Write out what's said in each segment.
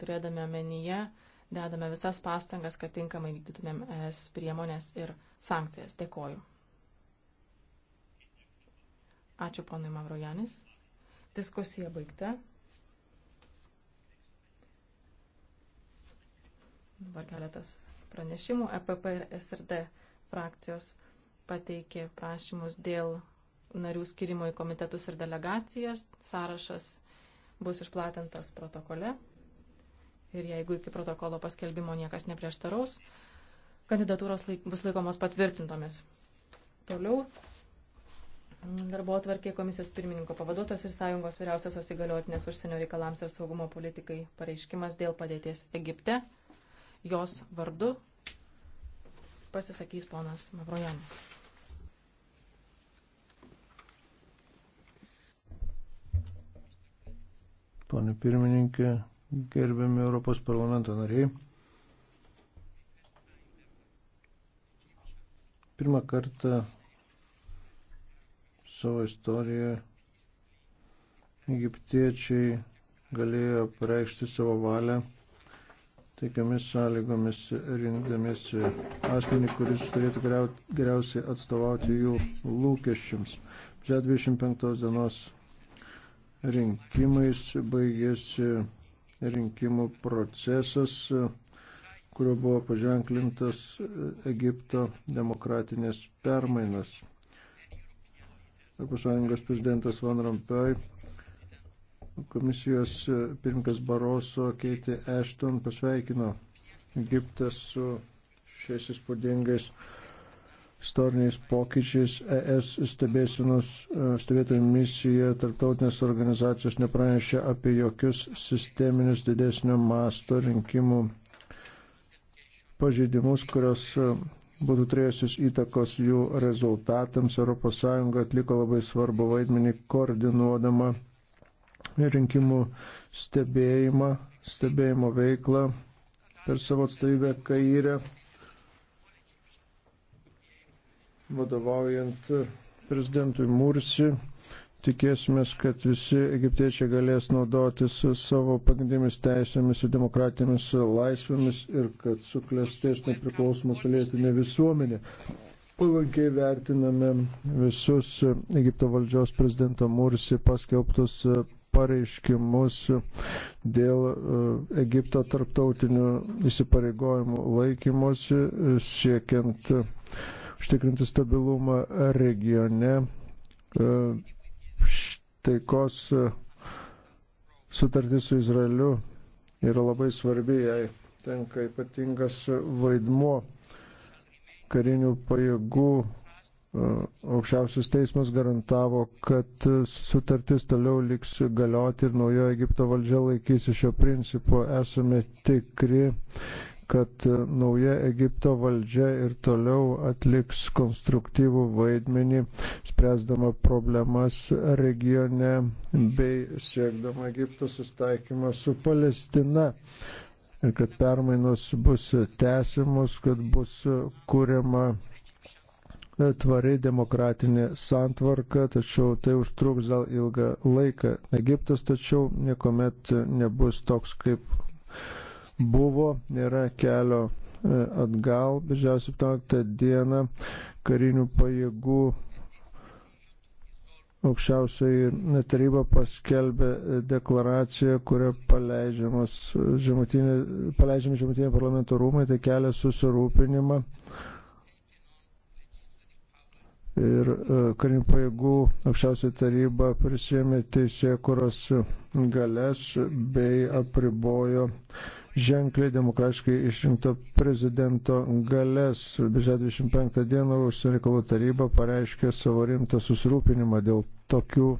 turėdami omenyje dedame visas pastangas, kad tinkamai vykdytumėm ES priemonės ir sankcijas. Dėkoju. Ačiū ponui Mavrojanis. Diskusija baigta. Dabar keletas pranešimų. EPP ir SRD frakcijos pateikė prašymus dėl narių skirimo į komitetus ir delegacijas. Sąrašas bus išplatintas protokole ir jeigu iki protokolo paskelbimo niekas neprieštaraus, kandidatūros laik, bus laikomos patvirtintomis. Toliau darbo atvarkė komisijos pirmininko pavaduotos ir sąjungos vyriausiosios įgaliotinės užsienio reikalams ir saugumo politikai pareiškimas dėl padėties Egipte. Jos vardu pasisakys ponas Mavrojanis. Pone pirmininkė, gerbiami Europos parlamento nariai. Pirmą kartą savo istorijoje egiptiečiai galėjo pareikšti savo valią taikiamis sąlygomis rinkdamiesi asmenį, kuris turėtų geriausiai atstovauti jų lūkesčiams. Čia 25 dienos rinkimais baigėsi rinkimų procesas, kuriuo buvo paženklintas Egipto demokratinės permainas. Europos Sąjungos prezidentas Van Rompuy komisijos pirmininkas Baroso Keitė Ešton pasveikino Egiptą su šiais įspūdingais istoriniais pokyčiais ES e, stebėtojų misija tarptautinės organizacijos nepranešė apie jokius sisteminius didesnio masto rinkimų pažeidimus, kurios e, būtų turėjusios įtakos jų rezultatams. ES atliko labai svarbu vaidmenį koordinuodama rinkimų stebėjimą, stebėjimo veiklą per savo atstovybę kairę. vadovaujant prezidentui Mursi. Tikėsime, kad visi egiptiečiai galės naudotis savo pagrindėmis teisėmis ir demokratinėmis laisvėmis ir kad suklestės nepriklausoma pilietinė visuomenė. Palankiai vertiname visus Egipto valdžios prezidento Mursi paskelbtus pareiškimus dėl e, Egipto tarptautinių įsipareigojimų laikymosi siekiant uh, užtikrinti stabilumą regione, e, taikos e, sutartis su Izraeliu yra labai svarbi, jai tenka ypatingas vaidmuo karinių pajėgų. E, aukščiausias teismas garantavo, kad sutartis toliau liks galioti ir naujoji Egipto valdžia laikysi šio principo. Esame tikri, kad nauja Egipto valdžia ir toliau atliks konstruktyvų vaidmenį, spręsdama problemas regione bei siekdama Egipto sustaikymą su Palestina. Ir kad permainos bus tęsimos, kad bus kuriama tvariai demokratinė santvarka, tačiau tai užtruks gal ilgą laiką. Egiptas tačiau niekuomet nebus toks kaip buvo, nėra kelio e, atgal. Birželio 17 dieną karinių pajėgų aukščiausiai taryba paskelbė e, deklaraciją, kuria e, paleidžiami žemutiniai parlamento rūmai, tai kelia susirūpinimą. Ir karinių pajėgų aukščiausiai taryba prisėmė teisė, kurios galės bei apribojo uh, ženkliai demokratiškai išrinkto prezidento galės. Birželio 25 dieną užsienio reikalų taryba pareiškė savo rimtą susirūpinimą dėl tokių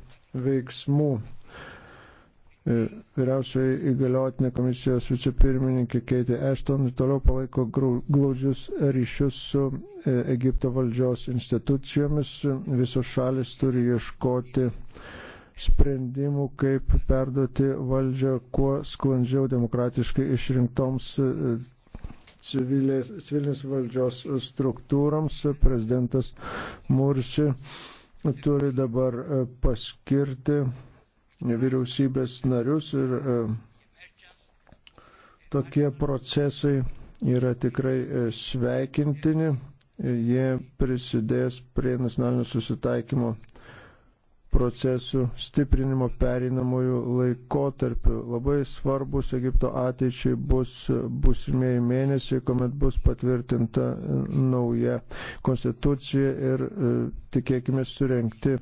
veiksmų. E, vyriausioji įgaliotinė komisijos vicepirmininkė Keitė Ešton toliau palaiko glaudžius ryšius su e, Egipto valdžios institucijomis. Visos šalis turi ieškoti uh, sprendimų, kaip perduoti valdžią kuo sklandžiau demokratiškai išrinktoms e, civilės, civilinės valdžios struktūroms. Prezidentas Mursi turi dabar e, paskirti vyriausybės narius ir e, tokie procesai yra tikrai sveikintini. Jie prisidės prie nacionalinio susitaikymo procesų stiprinimo pereinamųjų laikotarpių. Labai svarbus Egipto ateičiai bus busimieji mėnesiai, kuomet bus patvirtinta nauja konstitucija ir e, tikėkime surenkti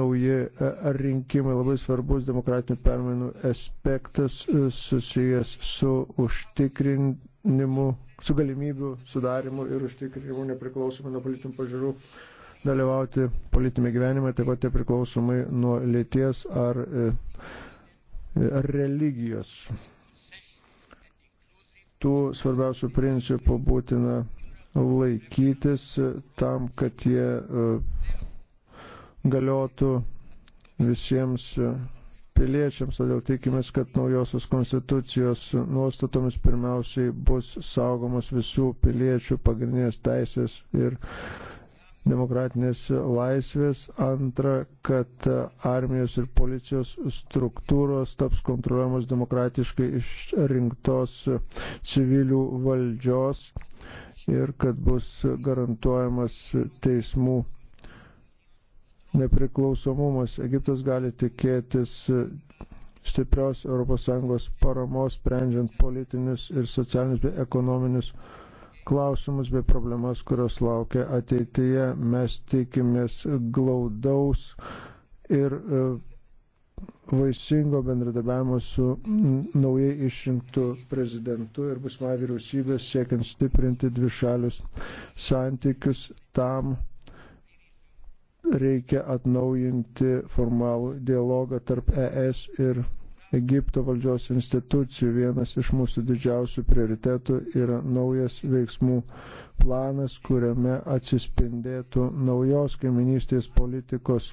nauji e, rinkimai. Labai svarbus demokratinių permainų aspektas e, susijęs su užtikrinimu su galimybių sudarimu ir užtikrinimu nepriklausomai nuo politinių pažiūrų dalyvauti politinėme gyvenime, taip pat priklausomai nuo lėties ar, e, ar religijos. Tų svarbiausių principų būtina laikytis tam, kad jie e, galiotų visiems piliečiams, todėl tikimės, kad naujosios konstitucijos nuostatomis pirmiausiai bus saugomos visų piliečių pagrindinės teisės ir demokratinės laisvės, antra, kad armijos ir policijos struktūros taps kontroliuojamos demokratiškai išrinktos civilių valdžios ir kad bus garantuojamas teismų nepriklausomumas. Egiptas gali tikėtis stiprios ES paramos, sprendžiant politinius ir socialinius bei ekonominius klausimus bei problemas, kurios laukia ateityje. Mes tikimės glaudaus ir e, vaisingo bendradarbiavimo su naujai išrinktu prezidentu ir busmai vyriausybės siekiant stiprinti dvišalius santykius tam reikia atnaujinti formalų dialogą tarp ES ir Egipto valdžios institucijų. Vienas iš mūsų didžiausių prioritetų yra naujas veiksmų planas, kuriame atsispindėtų naujos kaiminystės politikos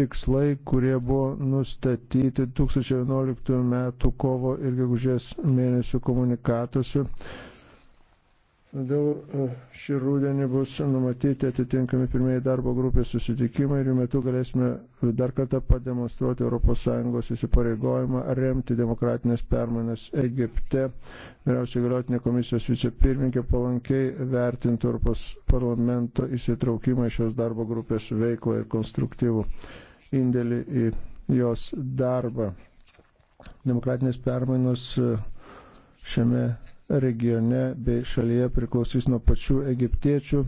tikslai, kurie buvo nustatyti 2011 m. kovo ir gegužės mėnesių komunikatuose Todėl e, šį rūdienį bus numatyti atitinkami pirmieji darbo grupės susitikimai ir jų metu galėsime dar kartą pademonstruoti ES įsipareigojimą remti demokratinės permainas Egipte. Vyriausiai galiotinė komisijos vicepirmininkė palankiai vertintų Europos parlamento įsitraukimą į šios darbo grupės veiklą ir konstruktyvų indėlį į jos darbą. Demokratinės permainos e, šiame regione bei šalyje priklausys nuo pačių egiptiečių,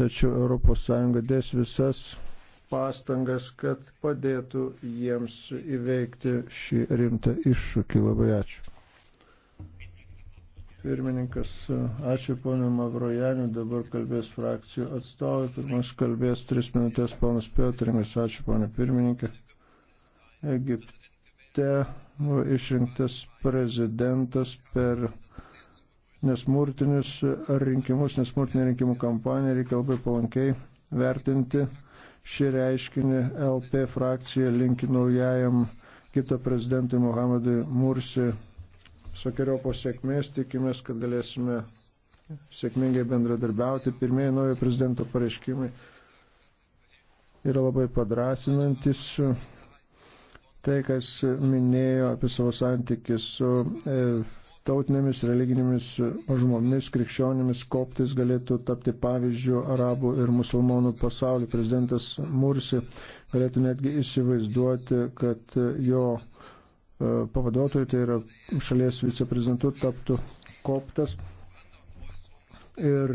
tačiau ES dės visas pastangas, kad padėtų jiems įveikti šį rimtą iššūkį. Labai ačiū. Pirmininkas, ačiū ponė Mavrojaniu, dabar kalbės frakcijų atstovai, pirmas kalbės tris minutės ponas Piotringas, ačiū ponė pirmininkė. Egipte buvo išrinktas prezidentas per nesmurtinius rinkimus, nesmurtinę rinkimų kampaniją reikia labai palankiai vertinti šį reiškinį. LP frakcija linki naujajam kito prezidentui Mohamedui Mursi sokiojo pasiekmės, tikimės, kad galėsime sėkmingai bendradarbiauti. Pirmieji naujo prezidento pareiškimai yra labai padrasinantis. Tai, kas minėjo apie savo santykį su e, tautinėmis religinėmis mažumomis, krikščionimis, koptais galėtų tapti pavyzdžių arabų ir musulmonų pasaulį. Prezidentas Mursi galėtų netgi įsivaizduoti, kad jo e, pavaduotojų, tai yra šalies viceprezidentų, taptų koptas. Ir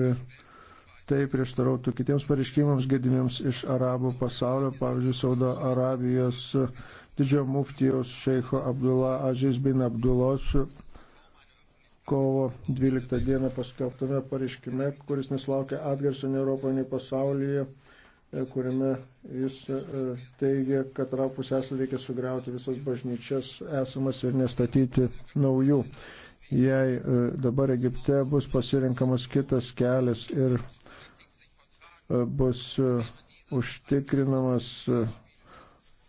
tai prieštarautų kitiems pareiškimams gedimiems iš arabų pasaulio, pavyzdžiui, Saudo Arabijos didžiojo muftijaus šeiko Abdullah Aziz bin Abdullah kovo 12 dieną paskelbtame pareiškime, kuris neslaukė atgarsio nei Europoje, nei pasaulyje, e, kuriame jis e, teigia, kad Arabų pusėsą reikia sugriauti visas bažnyčias esamas ir nestatyti naujų. Jei e, dabar Egipte bus pasirinkamas kitas kelias ir bus užtikrinamas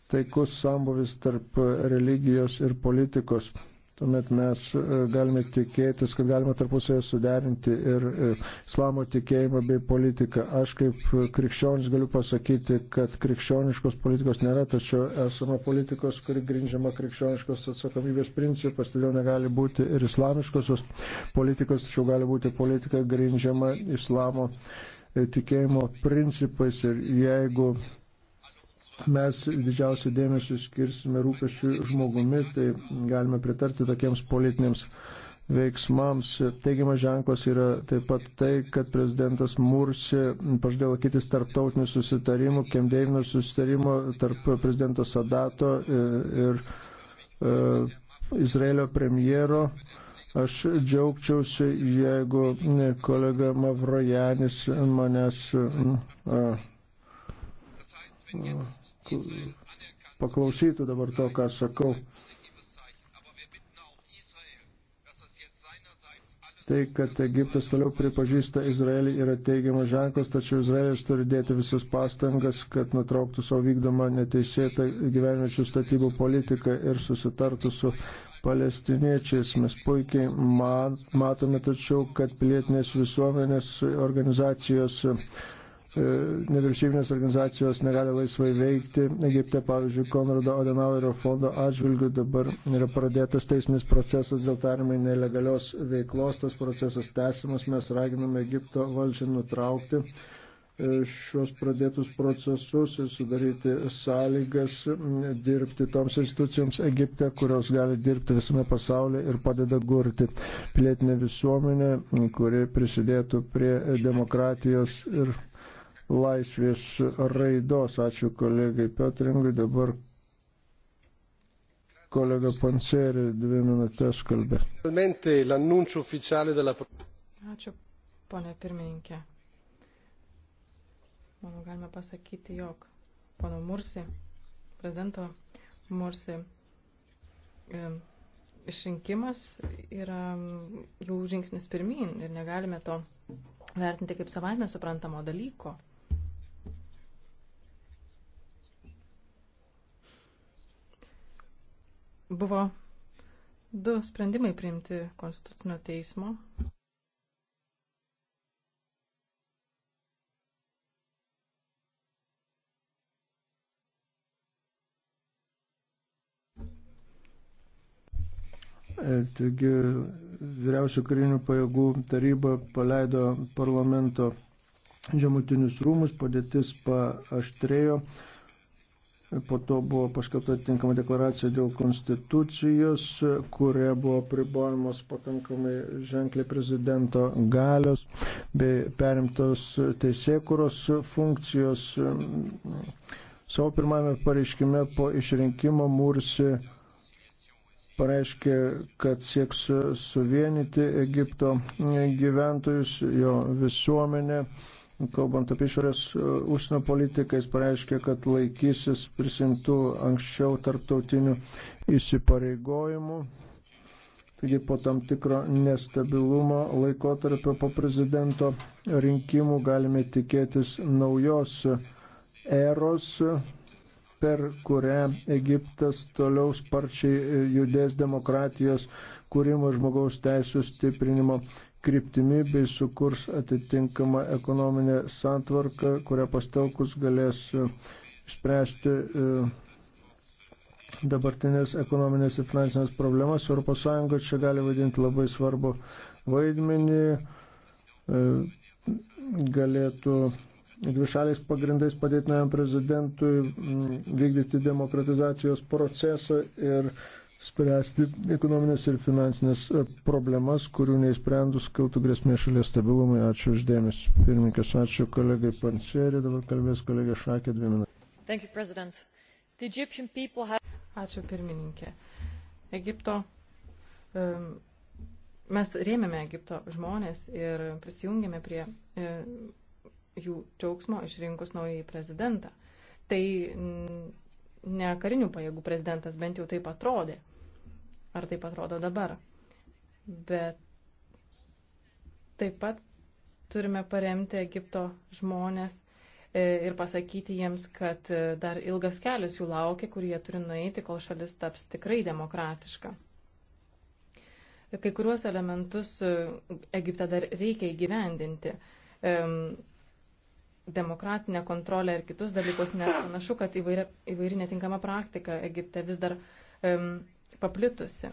taikus sambuvis tarp religijos ir politikos tuomet mes e, galime tikėtis, kad galima tarpusėje suderinti ir e, islamo tikėjimą bei politiką. Aš kaip krikščionis galiu pasakyti, kad krikščioniškos politikos nėra, tačiau esama politikos, kuri grindžiama krikščioniškos atsakomybės principas, todėl negali būti ir islamiškosios politikos, tačiau gali būti politika grindžiama islamo e, tikėjimo principais ir jeigu mes didžiausią dėmesį skirsime rūpešių žmogumi, tai galime pritarti tokiems politiniams veiksmams. Teigiamas ženklas yra taip pat tai, kad prezidentas Mursi pažadėjo laikytis tarptautinių susitarimų, Kemdeivino susitarimo tarp prezidento Sadato e, ir, ir e, Izraelio premjero. Aš džiaugčiausi, jeigu kolega Mavrojanis manęs. A, a, paklausytų dabar to, ką sakau. Tai, kad Egiptas toliau pripažįsta Izraelį yra teigiamas ženklas, tačiau Izraelis turi dėti visus pastangas, kad nutrauktų savo vykdomą neteisėtą gyvenviečių statybų politiką ir susitartų su palestiniečiais. Mes puikiai matome tačiau, kad pilietinės visuomenės organizacijos E, nevyriausybinės organizacijos negali laisvai veikti. Egipte, pavyzdžiui, Konrado Adenauerio fondo atžvilgių dabar yra pradėtas teisminis procesas dėl tarimai nelegalios veiklos. Tas procesas tęsimas. Mes raginame Egipto valdžią nutraukti e, šios pradėtus procesus ir sudaryti sąlygas dirbti toms institucijoms Egipte, kurios gali dirbti visame pasaulyje ir padeda gurti pilietinę visuomenę, kuri prisidėtų prie demokratijos ir laisvės raidos. Ačiū kolegai Petringui. Dabar kolega Panceri dvi minutės kalbė. Ačiū, ponė pirmininkė. Manau, galime pasakyti, jog pono Mursi, prezidento Mursi e, išrinkimas yra jau žingsnis pirmin ir negalime to vertinti kaip savaime suprantamo dalyko. Buvo du sprendimai priimti Konstitucinio teismo. E, taigi vyriausių karinių pajėgų taryba paleido parlamento žemutinius rūmus, padėtis paaštrėjo. Po to buvo paskelbta atitinkama deklaracija dėl konstitucijos, kuria buvo pribojamos pakankamai ženkliai prezidento galios bei perimtos teisėkuros funkcijos. Savo pirmame pareiškime po išrinkimo Mursi pareiškė, kad sieks suvienyti Egipto gyventojus, jo visuomenę kalbant apie išorės e, užsienio politiką, jis pareiškė, kad laikysis prisimtų anksčiau tarptautinių įsipareigojimų. Taigi po tam tikro nestabilumo laikotarpio po prezidento rinkimų galime tikėtis naujos eros, per kurią Egiptas toliau sparčiai judės demokratijos kūrimo žmogaus teisų stiprinimo kryptimi bei sukurs atitinkamą ekonominę santvarką, kurią pastelkus galės e, spręsti e, dabartinės ekonominės ir finansinės problemas. ES čia gali vaidinti labai svarbu vaidmenį, e, galėtų dvišaliais pagrindais padėti naujam prezidentui vykdyti demokratizacijos procesą ir uh, spręsti ekonominės ir finansinės e, problemas, kurių neįsprendus kiltų grėsmė šalies stabilumui. Ačiū uždėmesi. Pirmininkas, ačiū kolegai Pansėri, dabar kalbės kolegė Šakė dvi minutės. Ačiū pirmininkė. Egipto, um, mes rėmėme Egipto žmonės ir prisijungėme prie um, jų džiaugsmo išrinkus naująjį prezidentą. Tai ne karinių pajėgų prezidentas, bent jau taip atrodė ar taip atrodo dabar. Bet taip pat turime paremti Egipto žmonės e, ir pasakyti jiems, kad e, dar ilgas kelias jų laukia, kur jie turi nueiti, kol šalis taps tikrai demokratiška. Kai kuriuos elementus e, Egipte dar reikia įgyvendinti. Demokratinę kontrolę ir kitus dalykus, nes panašu, kad įvairi, įvairi netinkama praktika Egipte vis dar um, paplitusi.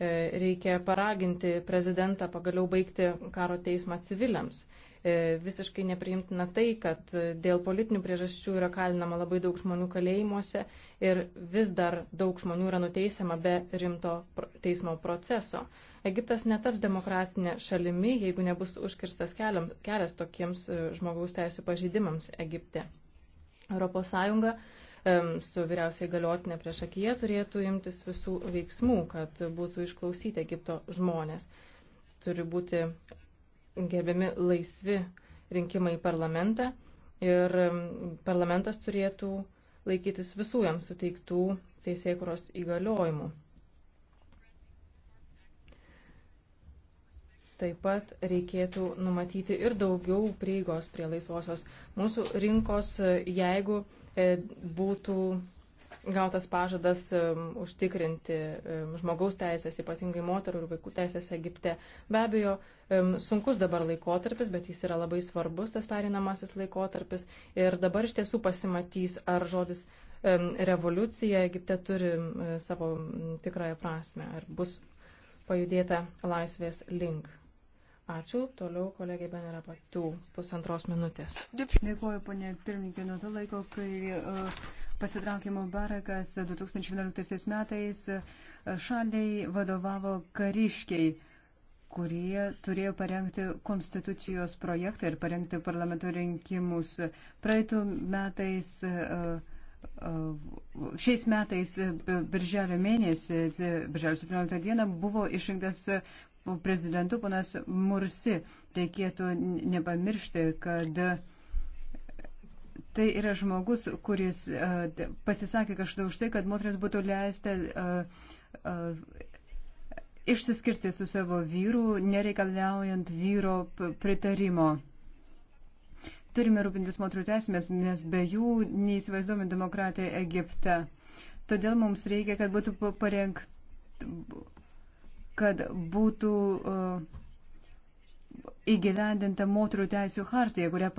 E, reikia paraginti prezidentą pagaliau baigti karo teismą civiliams. E, visiškai nepriimtina tai, kad dėl politinių priežasčių yra kalinama labai daug žmonių kalėjimuose ir vis dar daug žmonių yra nuteisiama be rimto teismo proceso. Egiptas netaps demokratinė šalimi, jeigu nebus užkirstas kelias tokiems e, žmogaus teisų pažydimams Egipte. ES su vyriausiai galiotinė prieš akiją turėtų imtis visų veiksmų, kad būtų išklausyti Egipto žmonės. Turi būti gerbiami laisvi rinkimai į parlamentą ir parlamentas turėtų laikytis visų jam suteiktų teisėkuros įgaliojimų. Taip pat reikėtų numatyti ir daugiau prieigos prie laisvosios mūsų rinkos, jeigu e, būtų gautas pažadas e, užtikrinti e, žmogaus teisės, ypatingai moterų ir vaikų teisės Egipte. Be abejo, sunkus dabar laikotarpis, bet jis yra labai svarbus, tas perinamasis laikotarpis. Ir dabar iš tiesų pasimatys, ar žodis revoliucija Egipte turi savo tikrąją prasme, ar bus pajudėta laisvės link. Ačiū. Toliau kolegė Benera Patų pusantros minutės. Dėkuoju, ponė pirmininkė, nuo to laiko, kai uh, pasitraukė Mubarakas 2011 e, metais, e, šaliai vadovavo kariškiai kurie turėjo parengti konstitucijos projektą ir parengti parlamento rinkimus. Praeitų metais, šiais metais, birželio mėnesį, birželio 17 dieną, buvo išrinktas prezidentu panas Mursi. Reikėtų nepamiršti, kad tai yra žmogus, kuris uh, pasisakė kažkada už tai, kad moteris būtų leista uh, uh, išsiskirti su savo vyru, nereikalaujant vyro pritarimo. Turime rūpintis moterų teisėmis, nes be jų neįsivaizduojame demokratiją Egipte. Todėl mums reikia, kad būtų parengta kad būtų e, įgyvendinta moterų teisų hartija, kurią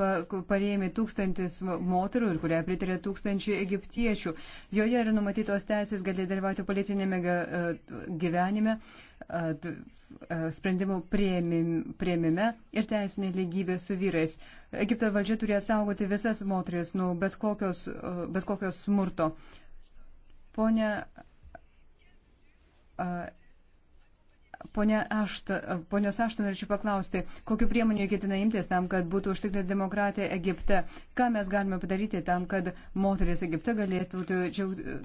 pareimė tūkstantis moterų ir kurią pritarė tūkstančiai egiptiečių. Joje yra numatytos teisės gali dalyvauti politinėme e, gyvenime, e, sprendimų prieimime ir teisinė lygybė su vyrais. Egipto valdžia turėjo saugoti visas moteris nuo bet kokios, bet kokios smurto. Pone Pone Ašta, ponios Ašta, norėčiau paklausti, kokiu priemonių ketina imtis tam, kad būtų užtikrinta demokratija Egipte? Ką mes galime padaryti tam, kad moteris Egipte galėtų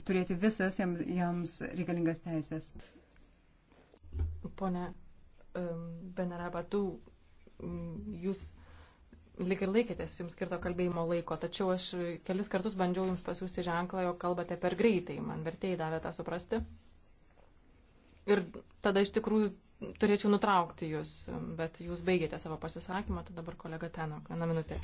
turėti visas jam, jams reikalingas teisės? Pone Benarabatų, jūs lik ir laikėtės jums skirto kalbėjimo laiko, tačiau aš kelis kartus bandžiau jums pasiūsti ženklą, jog kalbate per greitai, man vertėjai davė tą suprasti ir tada iš tikrųjų turėčiau nutraukti jūs, bet jūs baigėte savo pasisakymą, tai dabar kolega Tenok, vieną minutę.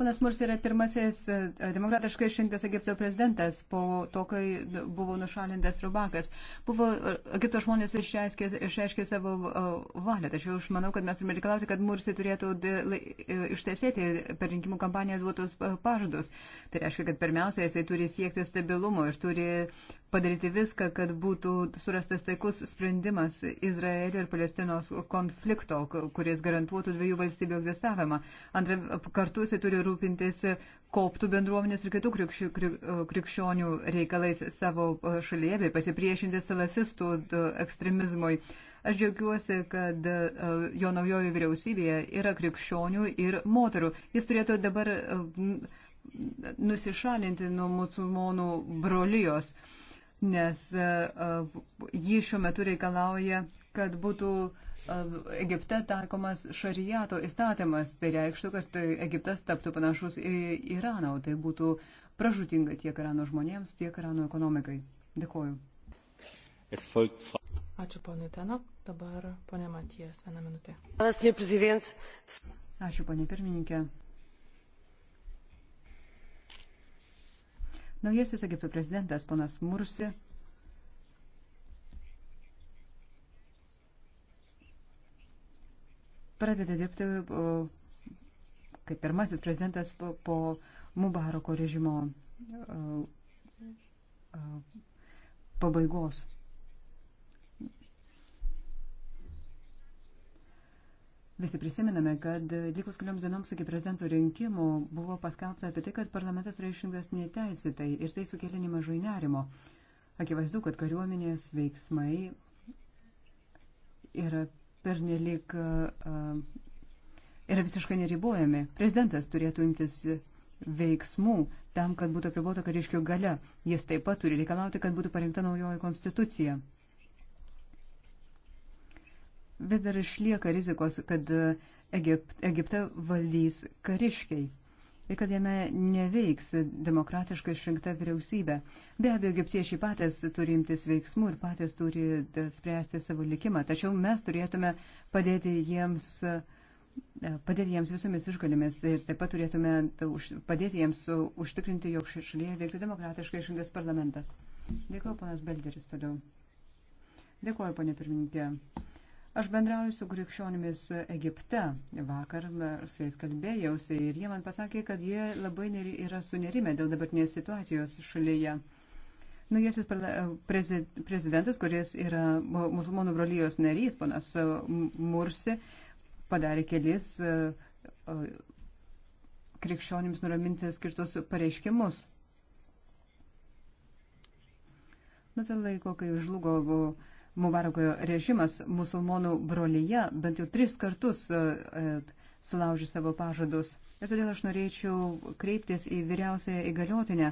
Ponas Murs yra pirmasis e, demokratiškai išrinktas Egipto prezidentas po to, kai buvo nušalintas Rubakas. Buvo, e, Egipto žmonės išreiškė, išreiškė savo e, valią, tačiau aš manau, kad mes turime reikalauti, kad Mursi turėtų ištesėti per rinkimų kampaniją duotus pažadus. Tai reiškia, kad pirmiausia, jisai turi siekti stabilumo ir turi padaryti viską, kad būtų surastas taikus sprendimas Izraelio ir Palestinos konflikto, kuris garantuotų dviejų valstybių egzistavimą. Antra, kartu jisai turi rūpintis koptų bendruomenės ir kitų krikščių, krikščionių reikalais savo šalyje bei pasipriešinti salafistų ekstremizmui. Aš džiaugiuosi, kad jo naujojo vyriausybėje yra krikščionių ir moterų. Jis turėtų dabar nusišalinti nuo musulmonų brolijos nes e, e, jį šiuo metu reikalauja, kad būtų e, Egipte taikomas šarijato įstatymas. Tai reikštų, kad tai Egiptas taptų panašus į Iraną, o tai būtų pražutinga tiek Irano žmonėms, tiek Irano ekonomikai. Dėkoju. Ačiū ponui Tenok. Dabar ponė Matijas, vieną minutę. Ačiū ponė pirmininkė. Naujasis Egipto prezidentas ponas Mursi pradeda dirbti kaip pirmasis prezidentas po, po Mubarako režimo pabaigos. Visi prisiminame, kad likus kelioms dienoms iki prezidento rinkimų buvo paskelbta apie tai, kad parlamentas yra išrinktas neteisėtai ir tai sukėlė nemažai nerimo. Akivaizdu, kad kariuomenės veiksmai yra pernelik, yra visiškai neribojami. Prezidentas turėtų imtis veiksmų tam, kad būtų apribota kariškių gale. Jis taip pat turi reikalauti, kad būtų parinkta naujoji konstitucija vis dar išlieka rizikos, kad e, Egipt, Egipte valdys kariškiai ir kad jame neveiks demokratiškai išrinkta vyriausybė. Be abejo, egiptiečiai patys turi imtis veiksmų ir patys turi e, spręsti savo likimą, tačiau mes turėtume padėti jiems, e, padėti jiems visomis išgalimis ir taip pat turėtume padėti jiems užtikrinti, jog šalyje veiktų demokratiškai išrinktas parlamentas. Dėkuoju, panas Belderis, toliau. Dėkuoju, ponė pirmininkė. Aš bendrauju su krikščionimis Egipte. Vakar su jais kalbėjausi ir jie man pasakė, kad jie labai yra sunerimę dėl dabartinės situacijos šalyje. Naujasis prezidentas, kuris yra musulmonų brolyjos narys, ponas Mursi, padarė kelis krikščionims nuraminti skirtus pareiškimus. Nuo to tai laiko, kai žlugo buvo Mubarako režimas musulmonų brolyje bent jau tris kartus e, e, sulaužė savo pažadus. Ir todėl aš norėčiau kreiptis į vyriausiąją įgaliotinę,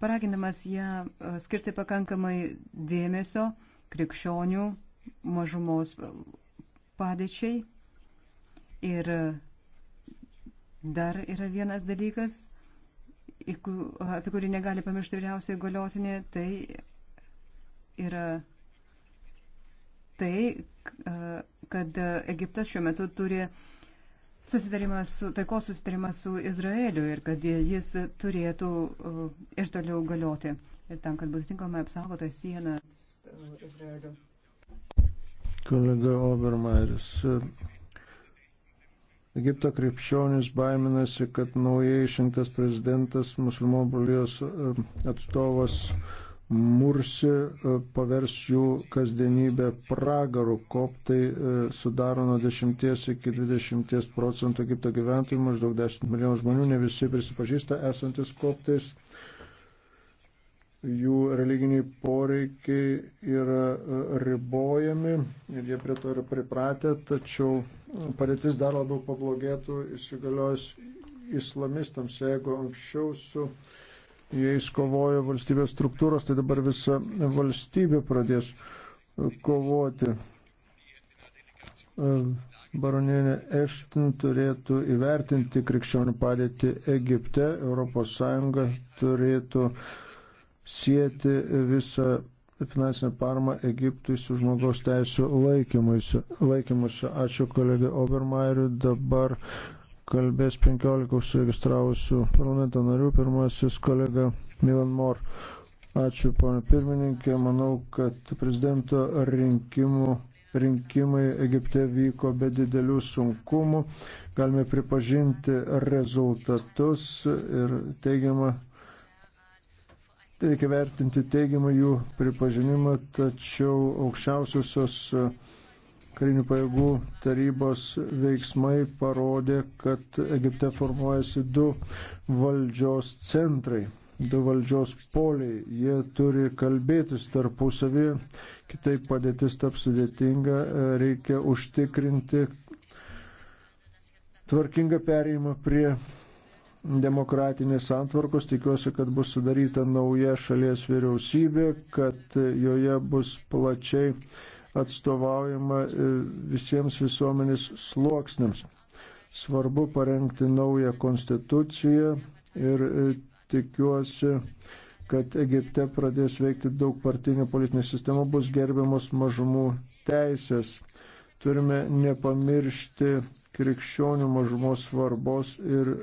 paraginamas ją e, skirti pakankamai dėmesio krikščionių mažumos padėčiai. Ir dar yra vienas dalykas, apie kurį negali pamiršti vyriausiai galiotinė, tai yra tai, kad Egiptas šiuo metu turi su, taikos susitarimą su Izraeliu ir kad jis turėtų ir toliau galioti, ir tam, kad būtų tinkamai apsaugota siena Izraeliu. Kolega Obermairis. Egipto krikščionis baiminasi, kad naujai išrinktas prezidentas musulmonų brolijos atstovas uh, Mursi e, pavers jų kasdienybę pragaru. Koptai e, sudaro nuo 10 iki 20 procentų Egipto gyventojų, maždaug 10 milijonų žmonių, ne visi prisipažįsta esantis koptais. Jų religiniai poreikiai yra e, ribojami ir jie prie to yra pripratę, tačiau padėtis dar labiau pablogėtų įsigaliojus islamistams, jeigu anksčiau su uh, jais kovojo valstybės struktūros, tai dabar visa valstybė pradės e, kovoti. E, baronienė Eštin turėtų įvertinti krikščionių padėtį Egipte, ES turėtų sieti visą finansinę paramą Egiptui su žmogaus teisų laikymuose. Ačiū kolegai Obermairiui. Dabar kalbės 15 suregistravusių parlamento narių, pirmasis kolega Milan Mor. Ačiū, ponė pirmininkė. Manau, kad prezidento rinkimų rinkimai Egipte vyko be didelių sunkumų. Galime pripažinti rezultatus ir teigiamą, reikia vertinti teigiamą jų pripažinimą, tačiau aukščiausiosios karinių pajėgų tarybos veiksmai parodė, kad Egipte formuojasi du valdžios centrai, du valdžios poliai. Jie turi kalbėtis tarpusavį, kitaip padėtis taps sudėtinga, reikia užtikrinti tvarkingą perėjimą prie demokratinės santvarkos. Tikiuosi, kad bus sudaryta nauja šalies vyriausybė, kad joje bus plačiai atstovaujama e, visiems visuomenės sluoksniams. Svarbu parengti naują konstituciją ir e, tikiuosi, kad Egipte pradės veikti daug partinių politinių sistemų, bus gerbiamos mažumų teisės. Turime nepamiršti krikščionių mažumos svarbos ir e,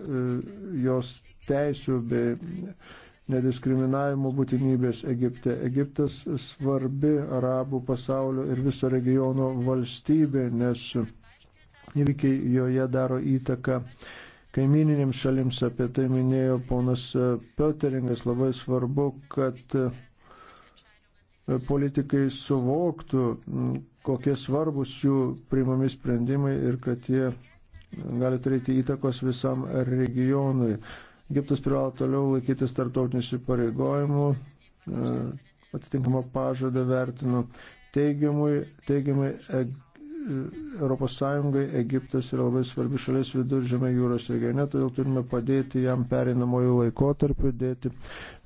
jos teisų bei nediskriminavimo būtinybės Egipte. Egiptas svarbi arabų pasaulio ir viso regiono valstybė, nes įvykiai joje daro įtaką kaimininėms šalims, apie tai minėjo ponas Pioteringas, labai svarbu, kad politikai suvoktų, kokie svarbus jų priimami sprendimai ir kad jie gali turėti įtakos visam regionui. Egiptas privalo toliau laikytis tarptautinių įsipareigojimų, e, atitinkamą pažadą vertinu teigiamai, teigiamai Europos Sąjungai Egiptas yra labai svarbi šalis viduržėme jūros regione, todėl turime padėti jam pereinamojų laikotarpių, dėti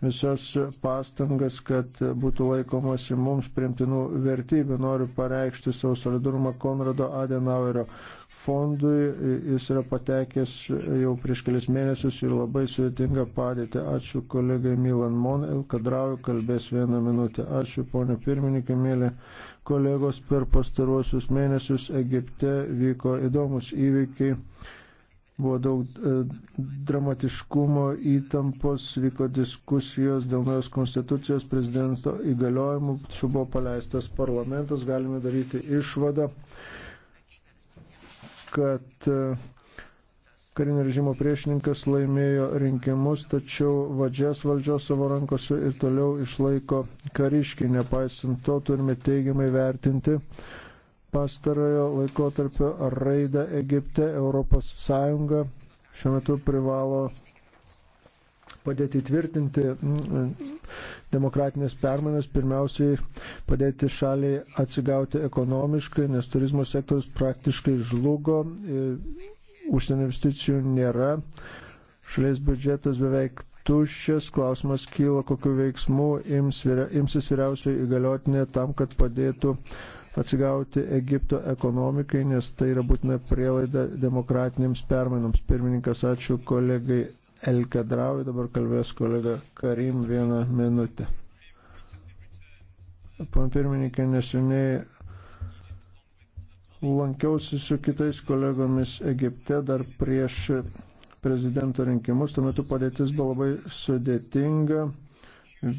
visas pastangas, kad būtų laikomasi mums primtinų vertybių. Noriu pareikšti savo solidarumą Konrado Adenauerio fondui. Jis yra patekęs jau prieš kelias mėnesius ir labai sudėtinga padėti. Ačiū kolegai Milan Mon, Elkadrau kalbės vieną minutę. Ačiū ponio pirmininkė, mėly kolegos, per pastaruosius mėnesius Egipte vyko įdomus įvykiai. Buvo daug e, dramatiškumo, įtampos, vyko diskusijos dėl naujos konstitucijos prezidento įgaliojimų, tačiau buvo paleistas parlamentas, galime daryti išvadą kad e, karinio režimo priešininkas laimėjo rinkimus, tačiau vadžias valdžios savo rankose ir toliau išlaiko kariškį. Nepaisant to, turime teigiamai vertinti pastarojo laikotarpio raidą Egipte. Europos Sąjunga šiuo metu privalo padėti tvirtinti demokratinės permainas, pirmiausiai padėti šaliai atsigauti ekonomiškai, nes turizmo sektorius praktiškai žlugo, užsienio investicijų nėra, šalies biudžetas beveik tuščias, klausimas kyla, kokiu veiksmu ims, imsis vyriausiai įgaliotinė tam, kad padėtų atsigauti Egipto ekonomikai, nes tai yra būtina prielaida demokratinėms permainoms. Pirmininkas, ačiū kolegai Elkadraui, dabar kalbės kolega Karim vieną minutę. Pan pirmininkė, neseniai lankiausi su kitais kolegomis Egipte dar prieš prezidento rinkimus. Tuo metu padėtis buvo labai sudėtinga.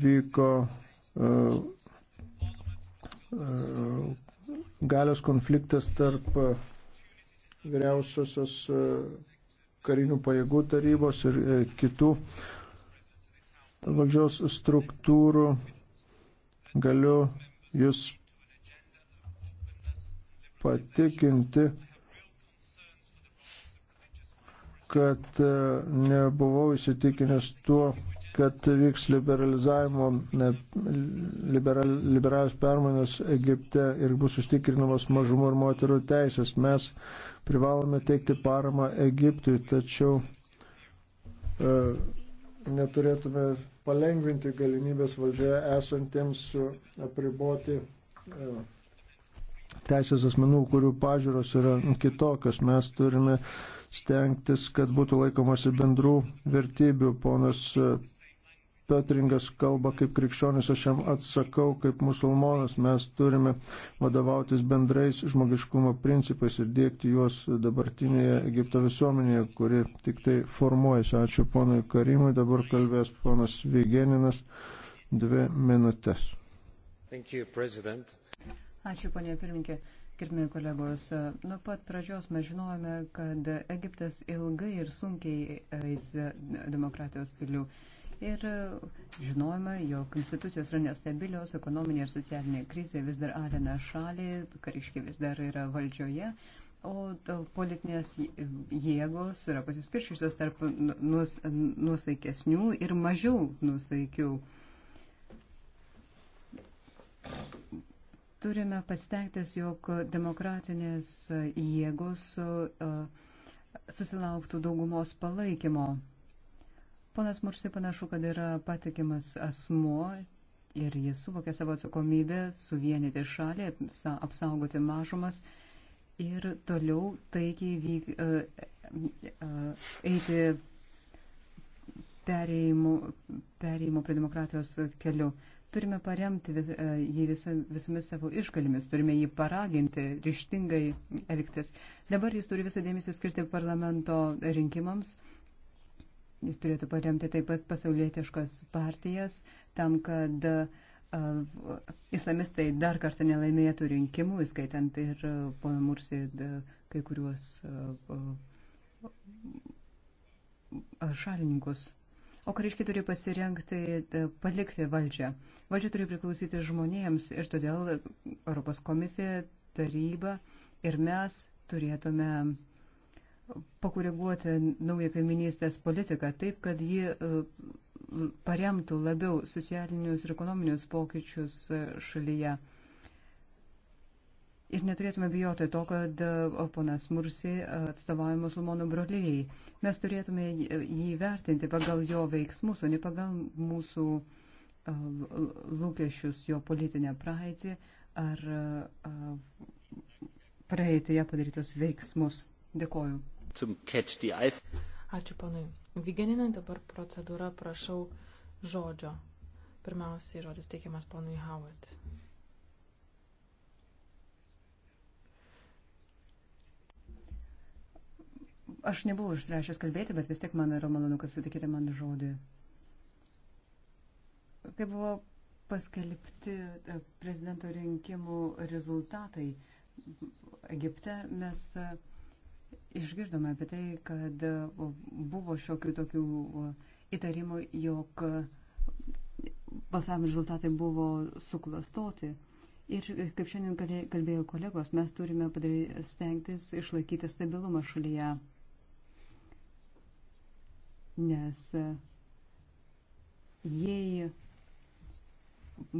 Vyko uh, uh, galios konfliktas tarp vyriausiosios uh, karinių pajėgų tarybos ir e, kitų valdžios struktūrų. Galiu jūs patikinti, kad e, nebuvau įsitikinęs tuo, kad vyks liberalizavimo, liberal, liberalios permainos Egipte ir bus užtikrinamos mažumų ir moterų teisės. Mes privalome teikti paramą Egiptui, tačiau e, neturėtume palengvinti galimybės valdžioje esantiems apriboti. E, teisės asmenų, kurių pažiūros yra kitokios. Mes turime stengtis, kad būtų laikomasi bendrų vertybių. Ponas e, Petringas kalba kaip krikščionis, aš jam atsakau kaip musulmonas, mes turime vadovautis bendrais žmogiškumo principais ir dėkti juos dabartinėje Egipto visuomenėje, kuri tik tai formuojasi. Ačiū ponui Karimui, dabar kalbės ponas Vigeninas dvi minutės. You, Ačiū, ponė pirminkė. Kirmiai kolegos, nuo pat pradžios mes žinojame, kad Egiptas ilgai ir sunkiai eis demokratijos keliu. Ir e, žinojame, jog institucijos yra nestabilios, ekonominė ir socialinė krizė vis dar alina šalį, kariškiai vis dar yra valdžioje, o politinės jėgos yra pasiskiršusios tarp nu, nus, nusaikesnių ir mažiau nusaikių. Turime pasitengtis, jog demokratinės jėgos e, susilauktų daugumos palaikymo. Ponas Mursi panašu, kad yra patikimas asmuo ir jis suvokia savo atsakomybę suvienyti šalį, apsaugoti mažumas ir toliau taikiai vyk, uh, uh, eiti perėjimo, perėjimo prie demokratijos keliu. Turime paremti vis, e, jį visa, visomis savo išgalimis, turime jį paraginti, ryštingai elgtis. Dabar jis turi visą dėmesį skirti parlamento rinkimams. Uh, Jis turėtų paremti taip pat pasaulietiškas partijas tam, kad uh, islamistai dar kartą nelaimėtų rinkimų, įskaitant ir uh, pono Mursi uh, kai kuriuos uh, uh, šalininkus. O kariškiai turi pasirengti palikti valdžią. Valdžia turi priklausyti žmonėms ir todėl Europos komisija, taryba ir mes turėtume pakoreguoti naują kaiminystės politiką taip, kad ji e, paremtų labiau socialinius ir ekonominius pokyčius e, šalyje. Ir neturėtume bijoti to, kad e, ponas Mursi atstovauja musulmonų brolyjei. Mes turėtume jį vertinti pagal jo veiksmus, o ne pagal mūsų lūkesčius, jo politinę praeitį ar praeitį ją padarytus veiksmus. Dėkoju. Ačiū panui. Vygeninai dabar procedūra prašau žodžio. Pirmiausiai žodis teikiamas panui Howard. Aš nebuvau užsirašęs kalbėti, bet vis tiek man yra malonu, kad sutikite man žodį. Kai buvo paskelbti e, prezidento rinkimų rezultatai Egipte, mes e, Išgirdome apie tai, kad buvo šiokių tokių įtarimų, jog balsavimo rezultatai buvo suklastoti. Ir kaip šiandien kalbėjo kolegos, mes turime padaryti, stengtis išlaikyti stabilumą šalyje. Nes jei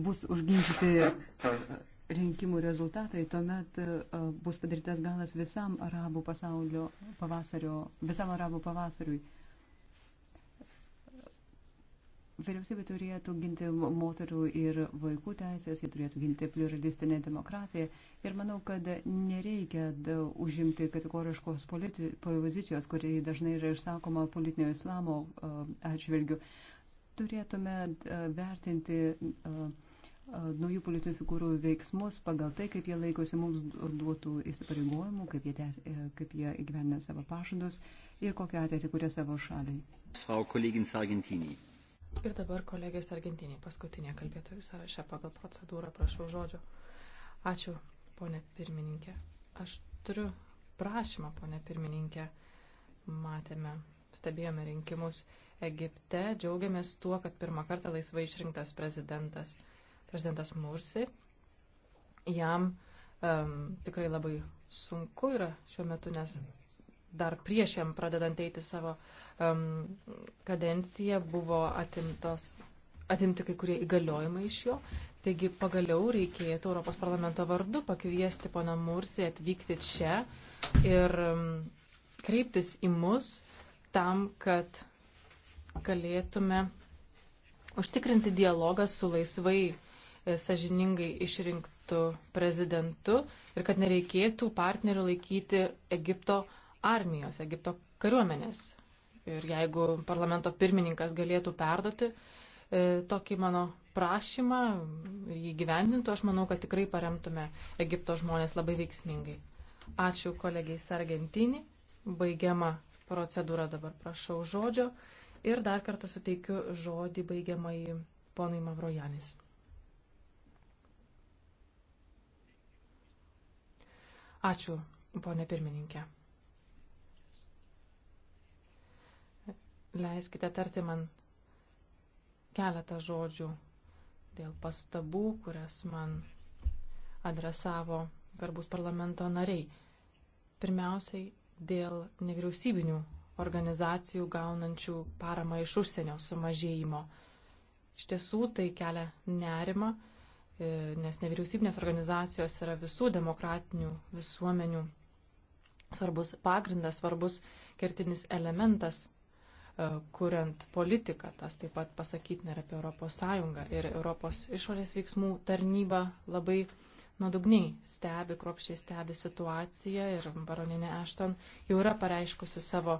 bus užginčyti rinkimų rezultatai, tuomet e, bus padarytas galas visam arabų pasaulio pavasario, visam arabų pavasariui. Vyriausybė turėtų ginti moterų ir vaikų teisės, jie turėtų ginti pluralistinę demokratiją ir manau, kad nereikia užimti kategoriškos pozicijos, kuri dažnai yra išsakoma politinio islamo e, atžvilgių. Turėtume e, vertinti uh, naujų politinių figūrų veiksmus pagal tai, kaip jie laikosi mums duotų įsipareigojimų, kaip jie, te, e, kaip jie įgyvendina savo pažadus ir kokią ateitį kuria savo šaliai. Frau kolegin Sargentini. Ir dabar kolegės Argentinė, paskutinė kalbėtojų sąraše pagal procedūrą, prašau žodžio. Ačiū, ponė pirmininkė. Aš turiu prašymą, ponė pirmininkė. Matėme, stebėjome rinkimus Egipte, džiaugiamės tuo, kad pirmą kartą laisvai išrinktas prezidentas prezidentas Mursi. Jam um, tikrai labai sunku yra šiuo metu, nes dar prieš jam pradedant eiti savo um, kadenciją buvo atimtos, atimti kai kurie įgaliojimai iš jo. Taigi pagaliau reikėtų Europos parlamento vardu pakviesti poną Mursi atvykti čia ir um, kreiptis į mus tam, kad galėtume užtikrinti dialogą su laisvai sažiningai išrinktų prezidentu ir kad nereikėtų partnerių laikyti Egipto armijos, Egipto kariuomenės. Ir jeigu parlamento pirmininkas galėtų perduoti e, tokį mano prašymą ir jį gyvendintų, aš manau, kad tikrai paremtume Egipto žmonės labai veiksmingai. Ačiū kolegijai Sargentinį. Baigiama procedūra dabar prašau žodžio ir dar kartą suteikiu žodį baigiamai ponui Mavrojanis. Ačiū, ponė pirmininkė. Leiskite tarti man keletą žodžių dėl pastabų, kurias man adresavo garbus parlamento nariai. Pirmiausiai dėl nevyriausybinių organizacijų gaunančių paramą iš užsienio sumažėjimo. Iš tiesų tai kelia nerima E, nes nevyriausybinės organizacijos yra visų demokratinių visuomenių svarbus pagrindas, svarbus kertinis elementas, e, kuriant politiką. Tas taip pat pasakyti ir apie Europos Sąjungą. Ir Europos išorės veiksmų tarnyba labai nuodugniai stebi, kropščiai stebi situaciją ir baroninė Ešton jau yra pareiškusi savo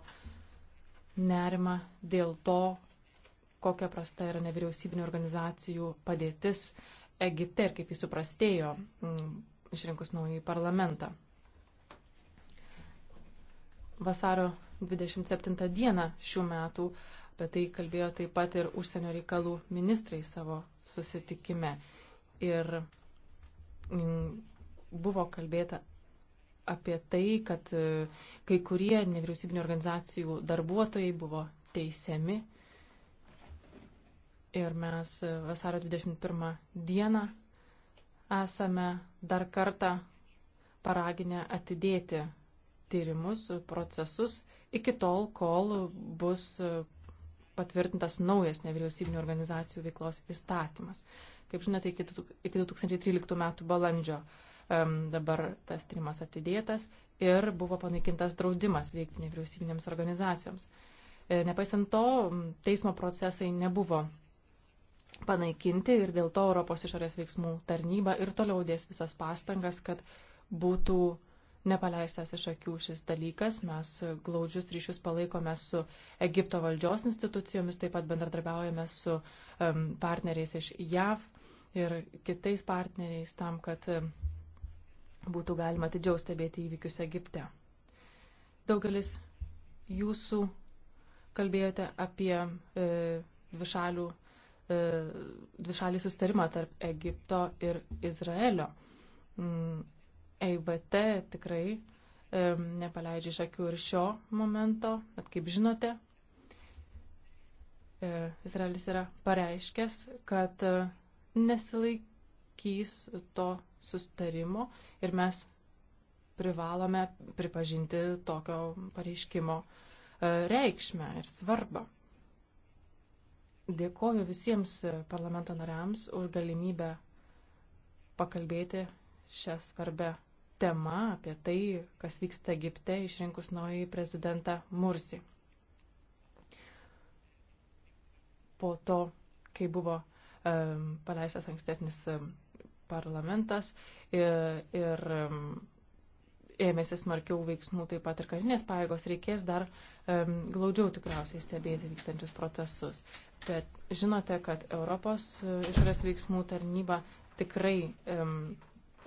nerimą dėl to, kokia prasta yra nevyriausybinio organizacijų padėtis Egipte ir kaip jis suprastėjo mm, išrinkus naująjį parlamentą. Vasario 27 dieną šių metų apie tai kalbėjo taip pat ir užsienio reikalų ministrai savo susitikime. Ir mm, buvo kalbėta apie tai, kad e, kai kurie nevyriausybinio organizacijų darbuotojai buvo teisiami ir mes e, vasaro 21 dieną esame dar kartą paraginę atidėti tyrimus, procesus iki tol, kol bus e, patvirtintas naujas nevyriausybinio organizacijų veiklos įstatymas. Kaip žinote, iki 2013 metų balandžio dabar tas tyrimas atidėtas ir buvo panaikintas draudimas veikti nevyriausybinėms organizacijoms. E, nepaisant to, teismo procesai nebuvo panaikinti ir dėl to Europos išorės veiksmų tarnyba ir toliau dės visas pastangas, kad būtų nepaleistas iš akių šis dalykas. Mes glaudžius ryšius palaikome su Egipto valdžios institucijomis, taip pat bendradarbiaujame su um, partneriais iš JAV ir kitais partneriais tam, kad um, būtų galima atidžiau stebėti įvykius Egipte. Daugelis jūsų kalbėjote apie e, dvišalių E, dvišalį sustarimą tarp Egipto ir Izraelio. EIVT mm, tikrai e, nepaleidžia iš akių ir šio momento, bet kaip žinote, e, Izraelis yra pareiškęs, kad nesilaikys to sustarimo ir mes privalome pripažinti tokio pareiškimo reikšmę ir svarbą. Dėkoju visiems parlamento nariams už galimybę pakalbėti šią svarbę temą apie tai, kas vyksta Egipte išrinkus naująjį prezidentą Mursi. Po to, kai buvo um, paleistas ankstesnis um, parlamentas ir, ir um, ėmėsi smarkiau veiksmų taip pat ir karinės paėgos, reikės dar uh, glaudžiau tikriausiai stebėti vykstančius procesus. Bet žinote, kad Europos e, išorės veiksmų tarnyba tikrai um,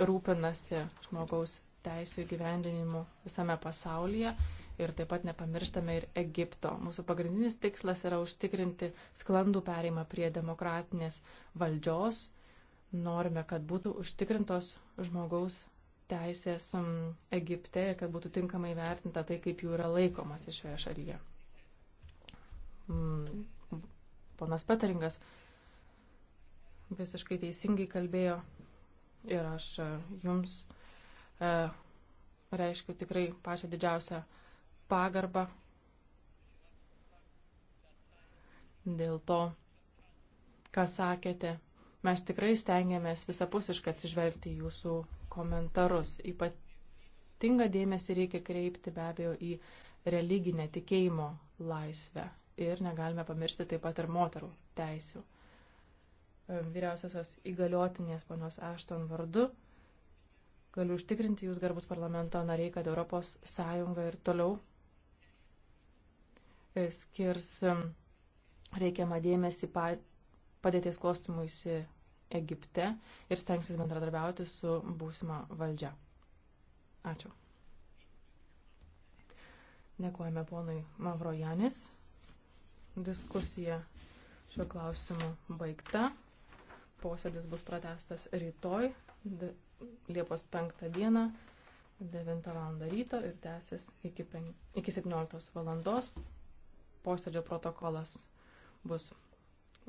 rūpinasi žmogaus teisų įgyvendinimu visame pasaulyje. Ir taip pat nepamirštame ir Egipto. Mūsų pagrindinis tikslas yra užtikrinti sklandų pereimą prie demokratinės valdžios. Norime, kad būtų užtikrintos žmogaus teisės Egipte ir kad būtų tinkamai vertinta tai, kaip jų yra laikomasi šioje šalyje. Ponas Petaringas visiškai teisingai kalbėjo ir aš e, jums e, reiškiu tikrai pačią didžiausią pagarbą dėl to, ką sakėte. Mes tikrai stengiamės visapusiškai atsižvelgti jūsų komentarus. Ypatinga dėmesį reikia kreipti be abejo į religinę tikėjimo laisvę ir negalime pamiršti taip pat ir moterų teisių. Vyriausiosios įgaliotinės ponios Ašton vardu galiu užtikrinti jūs, garbus parlamento nariai, kad ES ir toliau e, skirs reikiamą dėmesį padėties klostymuisi Egipte ir stengsis bendradarbiauti su būsima valdžia. Ačiū. Dėkojame ponui Mavrojanis. Diskusija šiuo klausimu baigta. Posėdis bus pratestas rytoj, Liepos 5 dieną, 9 val. ryto ir tęsis iki, 5, iki 17 val. Posėdžio protokolas bus